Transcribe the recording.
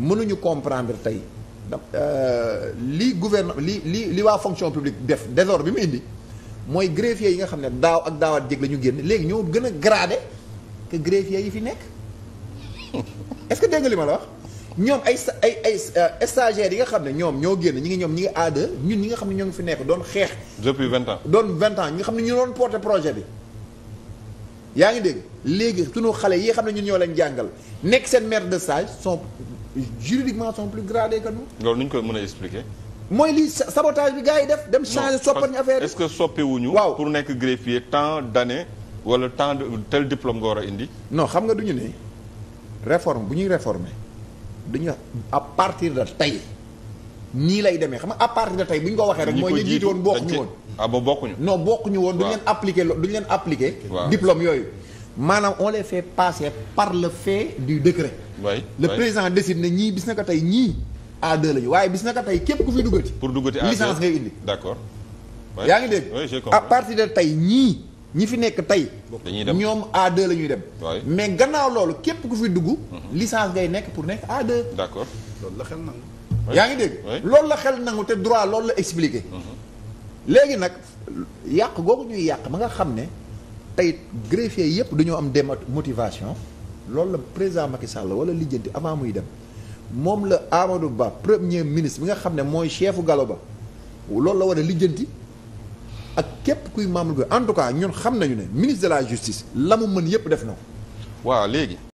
mënuñu comprendre tey euh, li gouvernement li li li waa fonction publique def désordre bi mu indi mooy greffier yi nga xam ne daaw ak daawaat jég la ñu génn léegi ñoo gën a gradé que greffier yi fi nekk est-ce que dégg li ma la wax ñoom ay ay ay euh, stagiaires yi nga xam ne ñoom ñoo génn ñi ngi ñoom ñi ngi a ñun ñi nga xam ne ñoo ngi fi nekk doon xeex. depuis vingt ans doon vingt ans ñi xam ne ñu doon porté projet bi. yaa ngi dégg léegi sunu xale yi xam ne ñun ñoo leen jàngal nekk seen maître de stage sont juridiquement sont plus gradés que nous. loolu nu ñu koy mën a expliquer. mooy lii sabotage bi gaa yi def dem changer soppani affaire est-ce que waaw pour nekk greffier tant d'années wala tant de tel diplôme nga war a indi non xam nga du ñu ne réforme bu ñuy réformer dañu à partir de tey nii lay demee xam nga à partir de bu ñu ko waxee rek mooy ñu jiite woon bokkuñu woon ah ba bokkuñu non bokkuñu woon duñu leen appliquer duñu leen appliquer diplôme yooyu maanaam on les fait passer par le fait du décret. Oui, le oui. président décide ne ñii bis na ko tey ñii A2 waaye bis na ko tey képp ku fi duggati. pour duggati A2 licence ngay indi. yaa ngi dégg. à parti de tey ñii ñi fi nekk tey. ñoom A2 la ñuy dem. mais gannaaw loolu képp ku fi dugg. Mhm. licence ngay nekk pour nekk A2. d'accord loolu la xel nangu. yaa ngi dégg. loolu la xel nangu te droit loolu la expliqué. Mhm. léegi nag yàq googu ñuy yàq ba nga xam ne. tey greffier yëpp dañoo am motivation loolu la président Macky Sall wala lijjanti avant muy dem moom la Amadou Ba premier ministre bi nga xam ne mooy chefu galo ba loolu la war a lijjanti ak képp kuy membre en tout cas ñun xam nañu ne ministre de la justice la mu mën yëpp def na ko waaw léegi